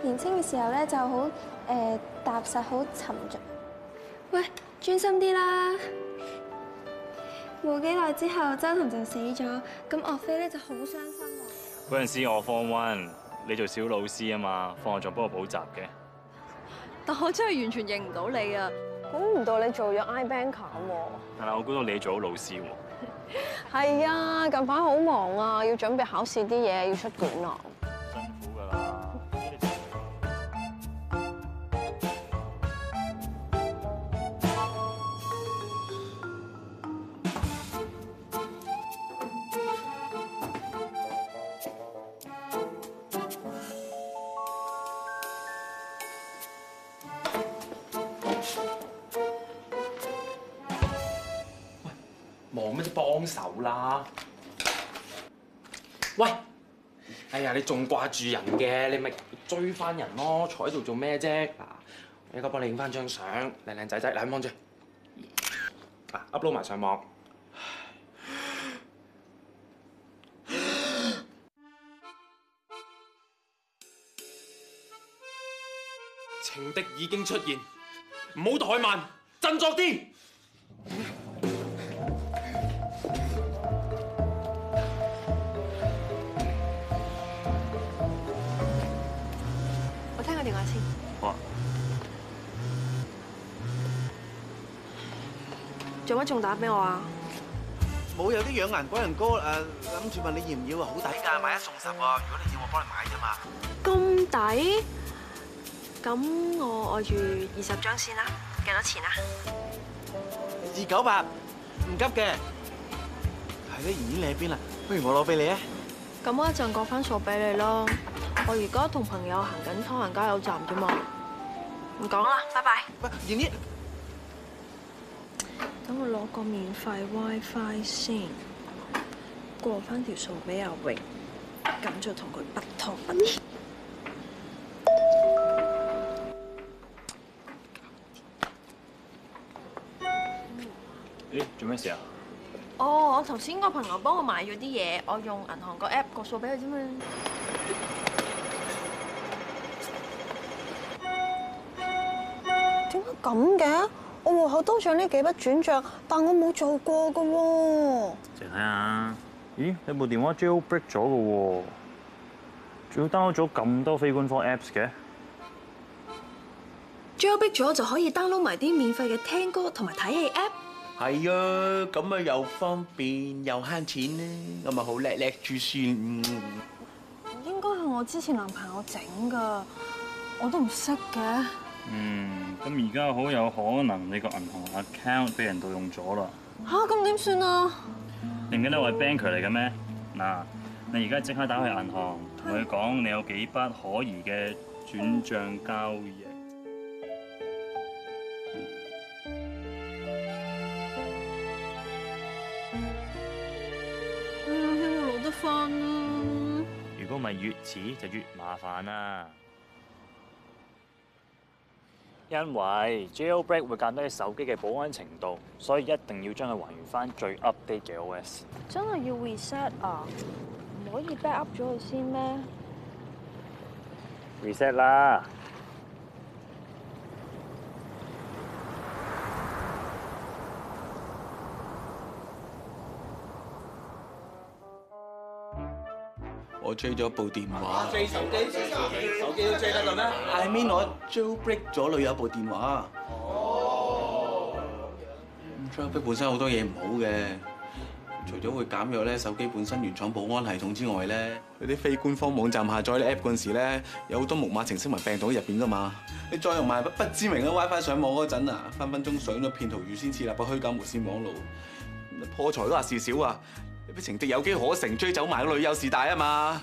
年輕嘅時候咧，就好誒踏實，好沉着，喂，專心啲啦！冇幾耐之後，周同就死咗，咁岳飛咧就好傷心。嗰陣時我 form one 你做小老師啊嘛，放學仲幫我補習嘅。但我真係完全認唔到你啊！估唔到你做咗 IBanker 喎。Bank er、但係我估到你做咗老師喎。係 啊，近排好忙啊，要準備考試啲嘢，要出卷啊。冇咩啫，幫手啦！喂，哎呀，你仲掛住人嘅，你咪追翻人咯，坐喺度做咩啫？嗱，我而家幫你影翻張相，靚靚仔仔，嗱，望住，嗱，upload 埋上網。 情敵已經出現，唔好怠慢，振作啲！做乜仲打俾我啊？冇有啲養顏龜苓膏？誒諗住問你要唔要啊？好抵㗎，買一送十喎。如果你要，我幫你買啫嘛。咁抵？咁我我要住二十張先啦。幾多錢啊？二九八，唔急嘅。係啦，妍妍你喺邊啊？不如我攞俾你啊。咁我一陣過翻數俾你咯。我而家同朋友行緊湯人街，加油站啫嘛。唔講啦，拜拜。喂，妍妍。等我攞個免費 WiFi 先，過翻條數俾阿榮，咁就同佢不同。咦、欸？做咩事啊？哦，我頭先個朋友幫我買咗啲嘢，我用銀行 app，個 app 過數俾佢啫嘛。點解咁嘅？我戶口多咗呢幾筆轉帳，但我冇做過噶、啊。靜睇下，咦？你部電話 jailbreak 咗噶，仲要 download 咗咁多非官方 apps 嘅。jailbreak 咗就可以 download 埋啲免費嘅聽歌同埋睇戲 app。係啊，咁啊又方便又慳錢咧，我咪好叻叻住先。應該係我之前男朋友整噶，我都唔識嘅。嗯，咁而家好有可能你個銀行 account 俾人盜用咗啦。吓、啊，咁點算啊？你唔記得我係 banker 嚟嘅咩？嗱，你而家即刻打去銀行，同佢講你有幾筆可疑嘅轉賬交易。希望攞得翻啊？如果唔係越遲就越麻煩啦。因為 jailbreak 會降低你手機嘅保安程度，所以一定要將佢還原返最 update 嘅 OS。真係要 reset 啊？唔可以 back up 咗佢先咩？Reset 啦！Res 我追咗部電話，啊、追手機都追,追,追,追,追得嚿咩？I mean，我 Jailbreak 咗女友部電話。哦，Jailbreak 本身多好多嘢唔好嘅，除咗會減弱咧手機本身原廠保安系統之外咧，啲非官方網站下載啲 App 嗰陣時咧，有好多木馬程式同病毒喺入邊噶嘛。你再用埋不知名嘅 WiFi 上網嗰陣啊，分分鐘上咗騙徒預先設立嘅虛假無線網路，破財都話事少啊！你俾情敵，有機可乘，追走埋個女友事大啊嘛！